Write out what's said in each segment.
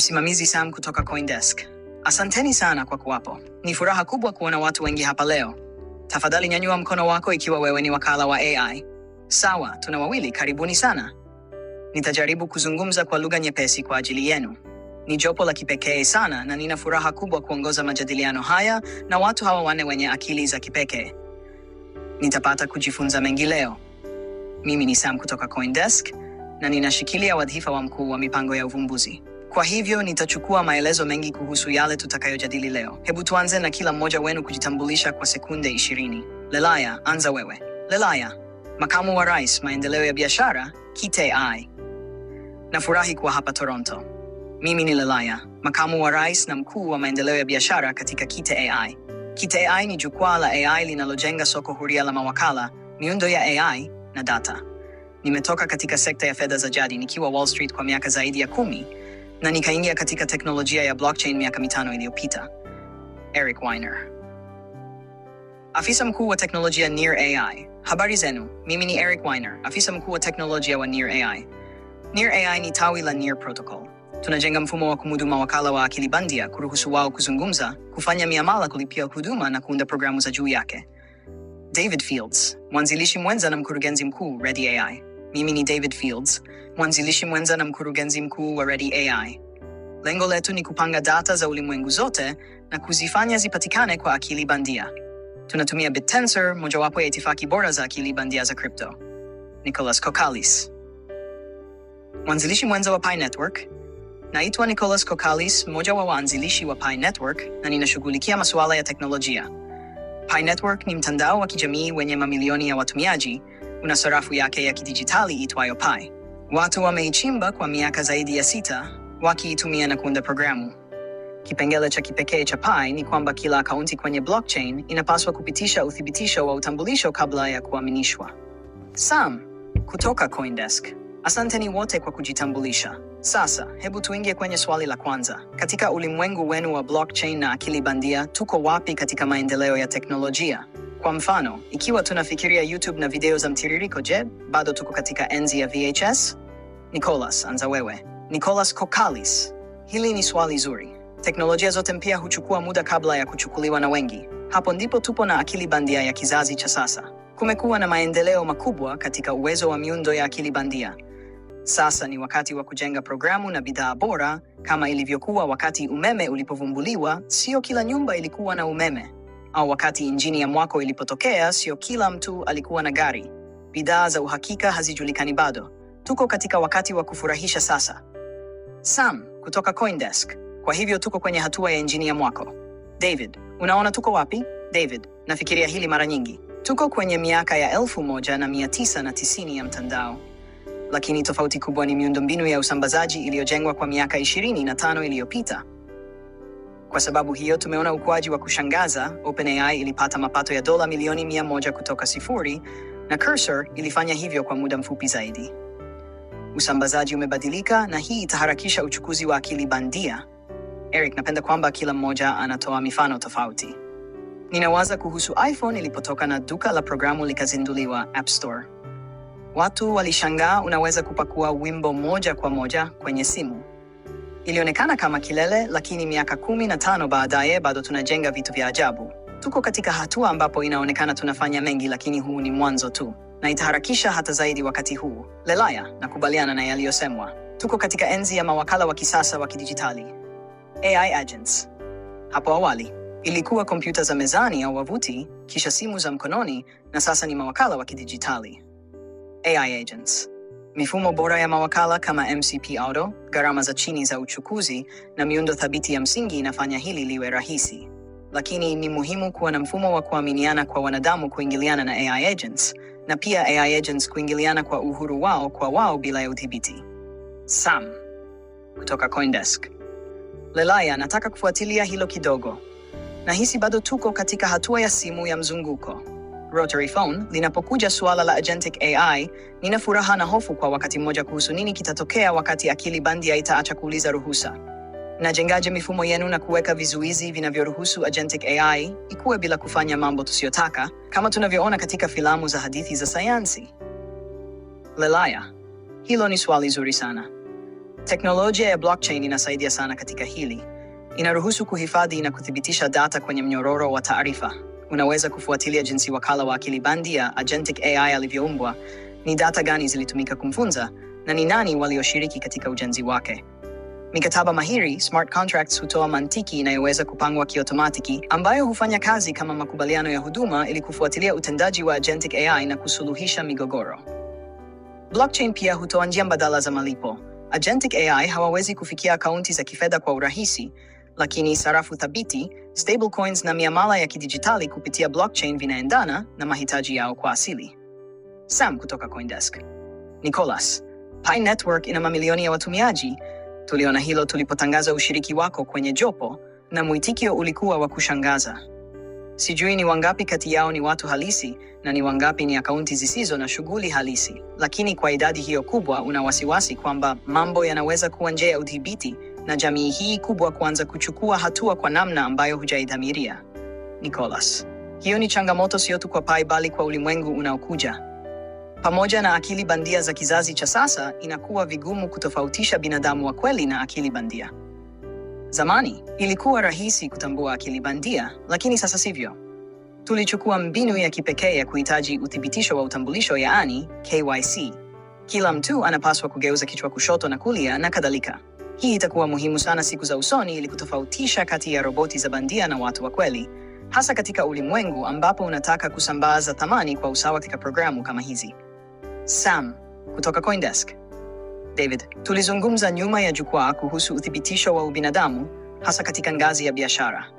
Msimamizi Sam kutoka CoinDesk. Asanteni sana kwa kuwapo. Ni furaha kubwa kuona watu wengi hapa leo. Tafadhali nyanyua mkono wako ikiwa wewe ni wakala wa AI. Sawa, tuna wawili, karibuni sana. Nitajaribu kuzungumza kwa lugha nyepesi kwa ajili yenu. Ni jopo la kipekee sana na nina furaha kubwa kuongoza majadiliano haya na watu hawa wanne wenye akili za kipekee. Nitapata kujifunza mengi leo. Mimi ni Sam kutoka CoinDesk na ninashikilia wadhifa wa mkuu wa mipango ya uvumbuzi. Kwa hivyo nitachukua maelezo mengi kuhusu yale tutakayojadili leo. Hebu tuanze na kila mmoja wenu kujitambulisha kwa sekunde ishirini. Lelaya, anza wewe. Lelaya, makamu wa rais maendeleo ya biashara kite Nafurahi kuwa hapa Toronto. Mimi ni Lelaya, makamu wa rais na mkuu wa maendeleo ya biashara katika Kite AI. ni jukwaa la AI linalojenga soko huria la mawakala, miundo ya AI na data. Nimetoka katika sekta ya fedha za jadi nikiwa Wall Street kwa miaka zaidi ya kumi na nikaingia katika teknolojia ya blockchain miaka mitano iliyopita. Eric Weiner, afisa mkuu wa teknolojia Near AI. Habari zenu, mimi ni Eric Weiner, afisa mkuu wa teknolojia wa Near AI. Near AI ni tawi la Near Protocol. Tunajenga mfumo wa kumudu mawakala wa akili bandia kuruhusu wao kuzungumza, kufanya miamala, kulipia huduma na kuunda programu za juu yake. David Fields, mwanzilishi mwenza na mkurugenzi mkuu Ready AI. Mimi ni David Fields, mwanzilishi mwenza na mkurugenzi mkuu wa Ready AI. Lengo letu ni kupanga data za ulimwengu zote na kuzifanya zipatikane kwa akili bandia. Tunatumia BitTensor, mojawapo ya itifaki bora za akili bandia za crypto. Nicholas Kokalis, mwanzilishi mwenza wa Pi Network. Naitwa Nicholas Kokalis, mmoja wa waanzilishi wa Pi Network na ninashughulikia masuala ya teknolojia. Pi Network ni mtandao wa kijamii wenye mamilioni ya watumiaji una sarafu yake ya kidijitali itwayo Pi. Watu wameichimba kwa miaka zaidi ya sita, wakiitumia na kuunda programu. Kipengele cha kipekee cha Pi ni kwamba kila akaunti kwenye blockchain inapaswa kupitisha uthibitisho wa utambulisho kabla ya kuaminishwa. Sam kutoka CoinDesk, asanteni wote kwa kujitambulisha. Sasa hebu tuingie kwenye swali la kwanza. Katika ulimwengu wenu wa blockchain na akili bandia, tuko wapi katika maendeleo ya teknolojia? Kwa mfano, ikiwa tunafikiria YouTube na video za mtiririko, je, bado tuko katika enzi ya VHS? Nicolas, anza wewe. Nicolas Kokalis, hili ni swali zuri. Teknolojia zote mpya huchukua muda kabla ya kuchukuliwa na wengi. Hapo ndipo tupo na akili bandia ya kizazi cha sasa. Kumekuwa na maendeleo makubwa katika uwezo wa miundo ya akili bandia. Sasa ni wakati wa kujenga programu na bidhaa bora. Kama ilivyokuwa wakati umeme ulipovumbuliwa, sio kila nyumba ilikuwa na umeme au wakati injini ya mwako ilipotokea, sio kila mtu alikuwa na gari. Bidhaa za uhakika hazijulikani bado. Tuko katika wakati wa kufurahisha sasa. Sam kutoka CoinDesk. Kwa hivyo tuko kwenye hatua ya injini ya mwako. David, unaona tuko wapi? David, nafikiria hili mara nyingi. Tuko kwenye miaka ya elfu moja na mia tisa na tisini ya mtandao, lakini tofauti kubwa ni miundombinu ya usambazaji iliyojengwa kwa miaka 25 iliyopita. Kwa sababu hiyo tumeona ukuaji wa kushangaza. OpenAI ilipata mapato ya dola milioni mia moja kutoka sifuri na Cursor ilifanya hivyo kwa muda mfupi zaidi. Usambazaji umebadilika na hii itaharakisha uchukuzi wa akili bandia. Eric, napenda kwamba kila mmoja anatoa mifano tofauti. Ninawaza kuhusu iPhone ilipotoka na duka la programu likazinduliwa App Store. Watu walishangaa, unaweza kupakua wimbo moja kwa moja kwenye simu. Ilionekana kama kilele, lakini miaka kumi na tano baadaye bado tunajenga vitu vya ajabu. Tuko katika hatua ambapo inaonekana tunafanya mengi, lakini huu ni mwanzo tu, na itaharakisha hata zaidi wakati huu. Lelaya, na kubaliana na yaliyosemwa. Tuko katika enzi ya mawakala wa kisasa wa kidijitali, AI agents. Hapo awali ilikuwa kompyuta za mezani au wavuti, kisha simu za mkononi, na sasa ni mawakala wa kidijitali, AI agents. Mifumo bora ya mawakala kama MCP Auto, gharama za chini za uchukuzi na miundo thabiti ya msingi inafanya hili liwe rahisi. Lakini ni muhimu kuwa na mfumo wa kuaminiana kwa wanadamu kuingiliana na AI agents na pia AI agents kuingiliana kwa uhuru wao kwa wao bila ya udhibiti. Sam kutoka CoinDesk. Lelaya, nataka kufuatilia hilo kidogo. Nahisi bado tuko katika hatua ya simu ya mzunguko. Rotary Phone linapokuja suala la agentic AI, nina furaha na hofu kwa wakati mmoja kuhusu nini kitatokea wakati akili bandia itaacha kuuliza ruhusa. Najengaje mifumo yenu na kuweka vizuizi vinavyoruhusu agentic AI ikuwe bila kufanya mambo tusiyotaka kama tunavyoona katika filamu za hadithi za sayansi? Lelaya, hilo ni swali zuri sana. Teknolojia ya blockchain inasaidia sana katika hili. Inaruhusu kuhifadhi na kuthibitisha data kwenye mnyororo wa taarifa unaweza kufuatilia jinsi wakala wa akili bandia Agentic AI alivyoumbwa, ni data gani zilitumika kumfunza na ni nani walioshiriki katika ujenzi wake. Mikataba mahiri smart contracts hutoa mantiki inayoweza kupangwa kiotomatiki ambayo hufanya kazi kama makubaliano ya huduma ili kufuatilia utendaji wa Agentic AI na kusuluhisha migogoro. Blockchain pia hutoa njia mbadala za malipo. Agentic AI hawawezi kufikia akaunti za kifedha kwa urahisi, lakini sarafu thabiti, stablecoins na miamala ya kidijitali kupitia blockchain vinaendana na mahitaji yao kwa asili. Sam kutoka CoinDesk. Nicholas, Pi Network ina mamilioni ya watumiaji. Tuliona hilo tulipotangaza ushiriki wako kwenye jopo na mwitikio ulikuwa wa kushangaza. Sijui ni wangapi kati yao ni watu halisi na ni wangapi ni akaunti zisizo na shughuli halisi, lakini kwa idadi hiyo kubwa, una wasiwasi kwamba mambo yanaweza kuwa nje ya udhibiti na jamii hii kubwa kuanza kuchukua hatua kwa namna ambayo hujaidhamiria. Nicholas: hiyo ni changamoto sio tu kwa Pai bali kwa ulimwengu unaokuja. Pamoja na akili bandia za kizazi cha sasa, inakuwa vigumu kutofautisha binadamu wa kweli na akili bandia. Zamani ilikuwa rahisi kutambua akili bandia, lakini sasa sivyo. Tulichukua mbinu ya kipekee ya kuhitaji uthibitisho wa utambulisho, yaani KYC. Kila mtu anapaswa kugeuza kichwa kushoto na kulia na kadhalika. Hii itakuwa muhimu sana siku za usoni ili kutofautisha kati ya roboti za bandia na watu wa kweli, hasa katika ulimwengu ambapo unataka kusambaza thamani kwa usawa katika programu kama hizi. Sam kutoka CoinDesk. David, tulizungumza nyuma ya jukwaa kuhusu uthibitisho wa ubinadamu hasa katika ngazi ya biashara.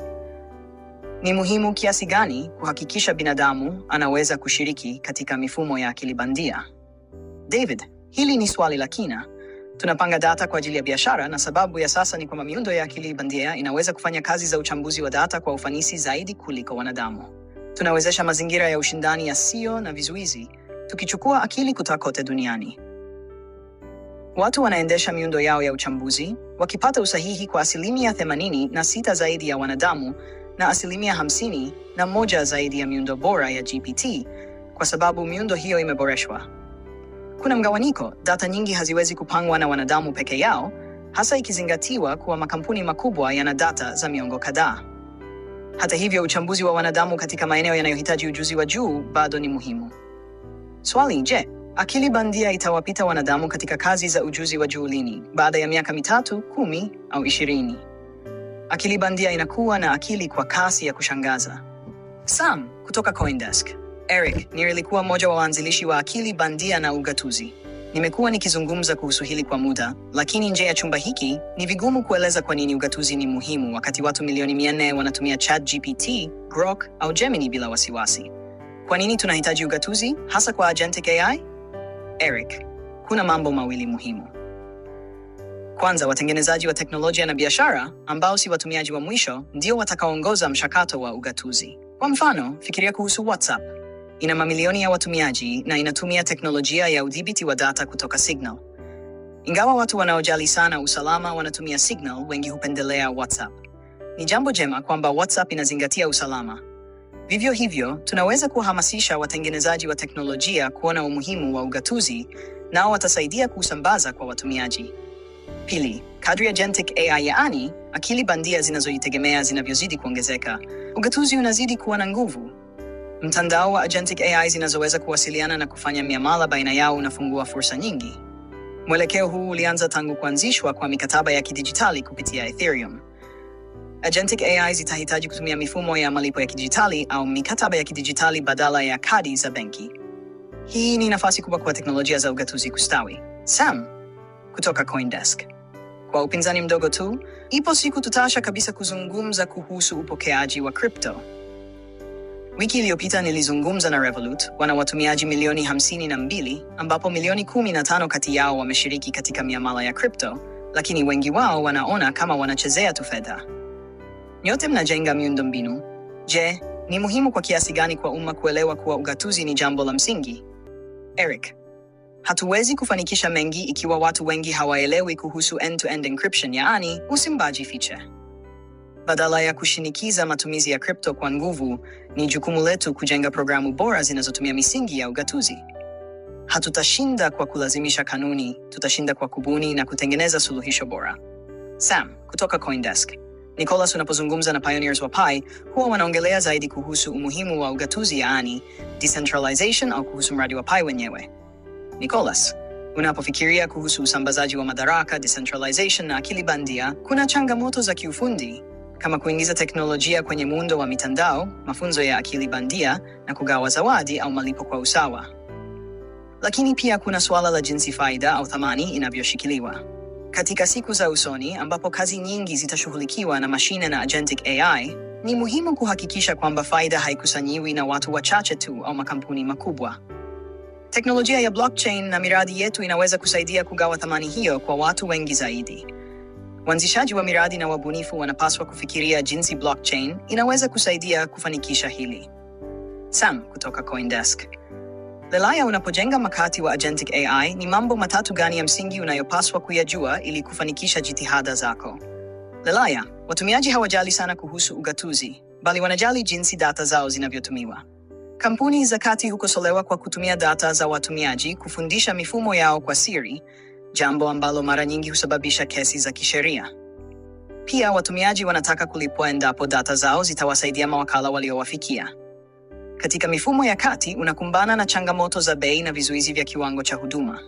Ni muhimu kiasi gani kuhakikisha binadamu anaweza kushiriki katika mifumo ya akili bandia? David, hili ni swali la kina. Tunapanga data kwa ajili ya biashara, na sababu ya sasa ni kwamba miundo ya akili bandia inaweza kufanya kazi za uchambuzi wa data kwa ufanisi zaidi kuliko wanadamu. Tunawezesha mazingira ya ushindani yasiyo na vizuizi, tukichukua akili kutoka kote duniani. Watu wanaendesha miundo yao ya uchambuzi wakipata usahihi kwa asilimia sita zaidi ya wanadamu na asilimia 50 na moja zaidi ya miundo bora ya GPT kwa sababu miundo hiyo imeboreshwa kuna mgawanyiko. Data nyingi haziwezi kupangwa na wanadamu peke yao, hasa ikizingatiwa kuwa makampuni makubwa yana data za miongo kadhaa. Hata hivyo, uchambuzi wa wanadamu katika maeneo yanayohitaji ujuzi wa juu bado ni muhimu. Swali: je, akili bandia itawapita wanadamu katika kazi za ujuzi wa juu lini? Baada ya miaka mitatu, kumi au ishirini? Akili bandia inakuwa na akili kwa kasi ya kushangaza. Sam kutoka CoinDesk. Eric, nilikuwa mmoja wa waanzilishi wa akili bandia na ugatuzi. Nimekuwa nikizungumza kuhusu hili kwa muda, lakini nje ya chumba hiki ni vigumu kueleza kwa nini ugatuzi ni muhimu wakati watu milioni 400 wanatumia chat gpt Grok au Gemini bila wasiwasi. Kwa nini tunahitaji ugatuzi hasa kwa agentic AI? Eric, kuna mambo mawili muhimu. Kwanza, watengenezaji wa teknolojia na biashara ambao si watumiaji wa mwisho ndio watakaoongoza mchakato wa ugatuzi. Kwa mfano, fikiria kuhusu WhatsApp ina mamilioni ya watumiaji na inatumia teknolojia ya udhibiti wa data kutoka Signal. Ingawa watu wanaojali sana usalama wanatumia Signal, wengi hupendelea WhatsApp. Ni jambo jema kwamba WhatsApp inazingatia usalama. Vivyo hivyo, tunaweza kuwahamasisha watengenezaji wa teknolojia kuona umuhimu wa ugatuzi, nao watasaidia kuusambaza kwa watumiaji. Pili, kadri agentic AI yaani akili bandia zinazoitegemea zinavyozidi kuongezeka, ugatuzi unazidi kuwa na nguvu. Mtandao wa agentic AI zinazoweza kuwasiliana na kufanya miamala baina yao unafungua fursa nyingi. Mwelekeo huu ulianza tangu kuanzishwa kwa mikataba ya kidijitali kupitia Ethereum. Agentic AI zitahitaji kutumia mifumo ya malipo ya kidijitali au mikataba ya kidijitali badala ya kadi za benki. Hii ni nafasi kubwa kwa teknolojia za ugatuzi kustawi. Sam kutoka CoinDesk. Kwa upinzani mdogo tu, ipo siku tutaasha kabisa kuzungumza kuhusu upokeaji wa crypto. Wiki iliyopita nilizungumza na Revolut, wana watumiaji milioni 52 ambapo milioni 15 kati yao wameshiriki katika miamala ya kripto, lakini wengi wao wanaona kama wanachezea tu fedha. Nyote mnajenga miundombinu. Je, ni muhimu kwa kiasi gani kwa umma kuelewa kuwa ugatuzi ni jambo la msingi? Eric: hatuwezi kufanikisha mengi ikiwa watu wengi hawaelewi kuhusu end-to-end encryption, yaani usimbaji fiche. Badala ya kushinikiza matumizi ya kripto kwa nguvu, ni jukumu letu kujenga programu bora zinazotumia misingi ya ugatuzi. Hatutashinda kwa kulazimisha kanuni, tutashinda kwa kubuni na kutengeneza suluhisho bora. Sam kutoka CoinDesk. Nicholas, unapozungumza na pioneers wa Pi huwa wanaongelea zaidi kuhusu umuhimu wa ugatuzi, yaani decentralization, au kuhusu mradi wa Pi wenyewe. Nicholas, unapofikiria kuhusu usambazaji wa madaraka, decentralization na akili bandia, kuna changamoto za kiufundi kama kuingiza teknolojia kwenye muundo wa mitandao, mafunzo ya akili bandia na kugawa zawadi au malipo kwa usawa. Lakini pia kuna suala la jinsi faida au thamani inavyoshikiliwa. Katika siku za usoni ambapo kazi nyingi zitashughulikiwa na mashine na agentic AI, ni muhimu kuhakikisha kwamba faida haikusanyiwi na watu wachache tu au makampuni makubwa. Teknolojia ya blockchain na miradi yetu inaweza kusaidia kugawa thamani hiyo kwa watu wengi zaidi. Wanzishaji wa miradi na wabunifu wanapaswa kufikiria jinsi blockchain inaweza kusaidia kufanikisha hili. Sam kutoka CoinDesk. Lelaya, unapojenga mkakati wa agentic AI, ni mambo matatu gani ya msingi unayopaswa kuyajua ili kufanikisha jitihada zako? Lelaya, watumiaji hawajali sana kuhusu ugatuzi, bali wanajali jinsi data zao zinavyotumiwa. Kampuni za kati hukosolewa kwa kutumia data za watumiaji kufundisha mifumo yao kwa siri, jambo ambalo mara nyingi husababisha kesi za kisheria. Pia watumiaji wanataka kulipwa endapo data zao zitawasaidia mawakala waliowafikia. Katika mifumo ya kati, unakumbana na changamoto za bei na vizuizi vya kiwango cha huduma.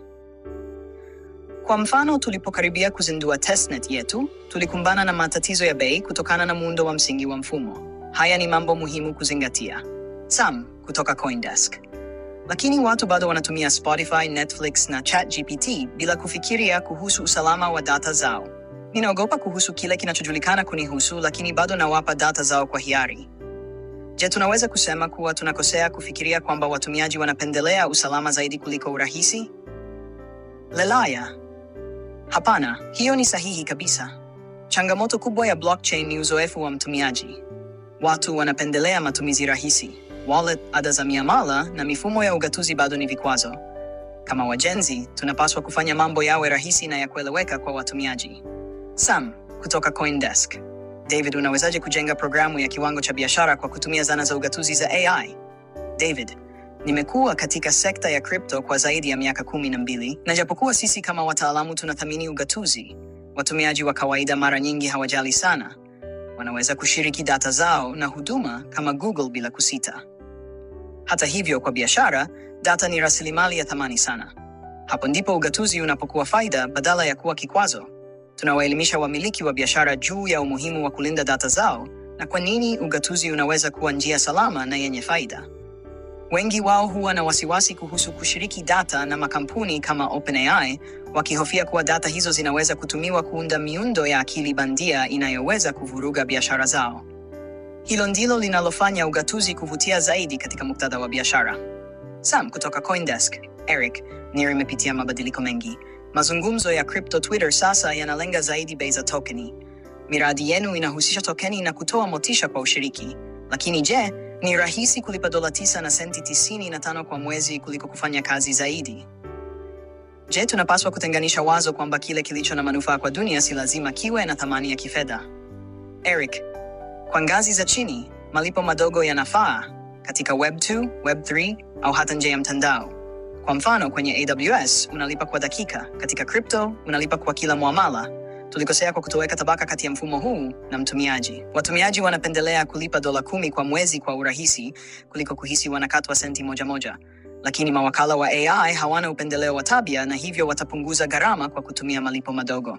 Kwa mfano, tulipokaribia kuzindua testnet yetu, tulikumbana na matatizo ya bei kutokana na muundo wa msingi wa mfumo. Haya ni mambo muhimu kuzingatia. Sam kutoka CoinDesk. Lakini watu bado wanatumia Spotify, Netflix na ChatGPT bila kufikiria kuhusu usalama wa data zao. Ninaogopa kuhusu kile kinachojulikana kunihusu, lakini bado nawapa data zao kwa hiari. Je, tunaweza kusema kuwa tunakosea kufikiria kwamba watumiaji wanapendelea usalama zaidi kuliko urahisi? Lelaya. Hapana, hiyo ni sahihi kabisa. Changamoto kubwa ya blockchain ni uzoefu wa mtumiaji. Watu wanapendelea matumizi rahisi wallet, ada za miamala na mifumo ya ugatuzi bado ni vikwazo. Kama wajenzi, tunapaswa kufanya mambo yawe rahisi na ya kueleweka kwa watumiaji. Sam kutoka CoinDesk: David, unawezaje kujenga programu ya kiwango cha biashara kwa kutumia zana za ugatuzi za AI? David: Nimekuwa katika sekta ya crypto kwa zaidi ya miaka kumi na mbili, na japokuwa sisi kama wataalamu tunathamini ugatuzi, watumiaji wa kawaida mara nyingi hawajali sana. Wanaweza kushiriki data zao na huduma kama Google bila kusita. Hata hivyo, kwa biashara, data ni rasilimali ya thamani sana. Hapo ndipo ugatuzi unapokuwa faida badala ya kuwa kikwazo. Tunawaelimisha wamiliki wa biashara juu ya umuhimu wa kulinda data zao na kwa nini ugatuzi unaweza kuwa njia salama na yenye faida. Wengi wao huwa na wasiwasi kuhusu kushiriki data na makampuni kama OpenAI, wakihofia kuwa data hizo zinaweza kutumiwa kuunda miundo ya akili bandia inayoweza kuvuruga biashara zao. Hilo ndilo linalofanya ugatuzi kuvutia zaidi katika muktadha wa biashara. Sam kutoka CoinDesk, Eric, near imepitia mabadiliko mengi. Mazungumzo ya crypto Twitter sasa yanalenga zaidi bei za tokeni. Miradi yenu inahusisha tokeni na kutoa motisha kwa ushiriki. Lakini je, ni rahisi kulipa dola tisa na senti tisini na tano kwa mwezi kuliko kufanya kazi zaidi? Je, tunapaswa kutenganisha wazo kwamba kile kilicho na manufaa kwa dunia si lazima kiwe na thamani ya kifedha? Eric kwa ngazi za chini, malipo madogo yanafaa katika Web 2, Web 3 au hata nje ya mtandao. Kwa mfano, kwenye AWS unalipa kwa dakika, katika crypto unalipa kwa kila muamala. Tulikosea kwa kutoweka tabaka kati ya mfumo huu na mtumiaji. Watumiaji wanapendelea kulipa dola kumi kwa mwezi kwa urahisi kuliko kuhisi wanakatwa senti moja moja. Lakini mawakala wa AI hawana upendeleo wa tabia na hivyo watapunguza gharama kwa kutumia malipo madogo.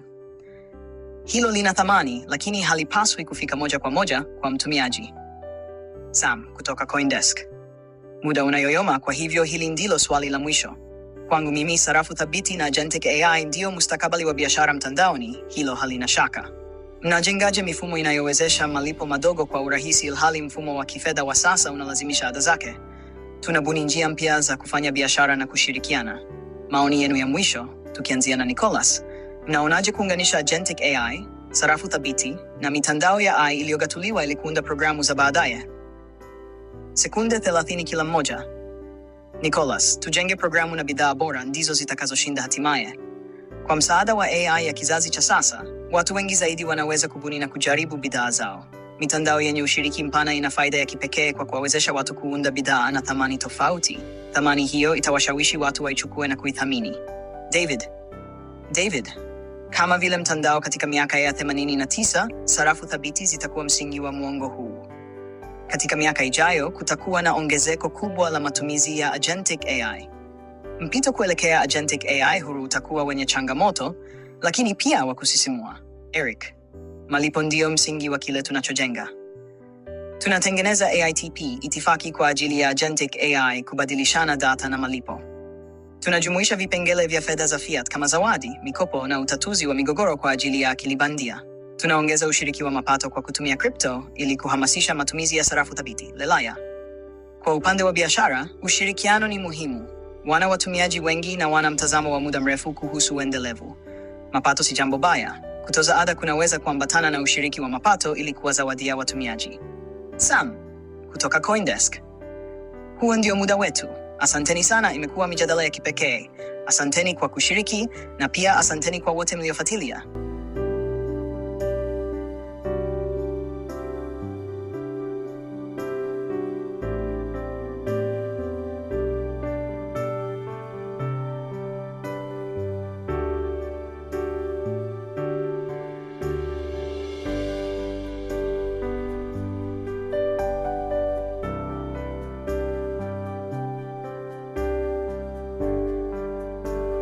Hilo lina thamani, lakini halipaswi kufika moja kwa moja kwa mtumiaji. Sam kutoka CoinDesk. Muda unayoyoma. Kwa hivyo hili ndilo swali la mwisho kwangu mimi. Sarafu thabiti na agentic AI ndiyo mustakabali wa biashara mtandaoni, hilo halina shaka. Mnajengaje mifumo inayowezesha malipo madogo kwa urahisi, ilhali mfumo wa kifedha wa sasa unalazimisha ada zake? Tunabuni njia mpya za kufanya biashara na kushirikiana. Maoni yenu ya mwisho, tukianzia na Nicholas naonaje kuunganisha agentic AI, sarafu thabiti na mitandao ya AI iliyogatuliwa ili kuunda programu za baadaye? Sekunde 30 kila mmoja. Nicholas, tujenge programu na bidhaa bora ndizo zitakazoshinda hatimaye. Kwa msaada wa AI ya kizazi cha sasa, watu wengi zaidi wanaweza kubuni na kujaribu bidhaa zao. Mitandao yenye ushiriki mpana ina faida ya kipekee kwa kuwawezesha watu kuunda bidhaa na thamani tofauti. Thamani hiyo itawashawishi watu waichukue na kuithamini. David, David kama vile mtandao katika miaka ya 89, sarafu thabiti zitakuwa msingi wa muongo huu. Katika miaka ijayo, kutakuwa na ongezeko kubwa la matumizi ya agentic AI. Mpito kuelekea agentic AI huru utakuwa wenye changamoto, lakini pia wa kusisimua. Eric, malipo ndio msingi wa kile tunachojenga. Tunatengeneza AITP, itifaki kwa ajili ya agentic AI kubadilishana data na malipo tunajumuisha vipengele vya fedha za fiat kama zawadi, mikopo na utatuzi wa migogoro kwa ajili ya akili bandia. Tunaongeza ushiriki wa mapato kwa kutumia kripto ili kuhamasisha matumizi ya sarafu thabiti lelaya. Kwa upande wa biashara, ushirikiano ni muhimu. Wana watumiaji wengi na wana mtazamo wa muda mrefu kuhusu uendelevu. Mapato si jambo baya. Kutoza ada kunaweza kuambatana na ushiriki wa mapato ili kuwazawadia watumiaji. Sam kutoka CoinDesk. Huo ndio muda wetu. Asanteni sana, imekuwa mijadala ya kipekee. Asanteni kwa kushiriki na pia asanteni kwa wote mliofuatilia.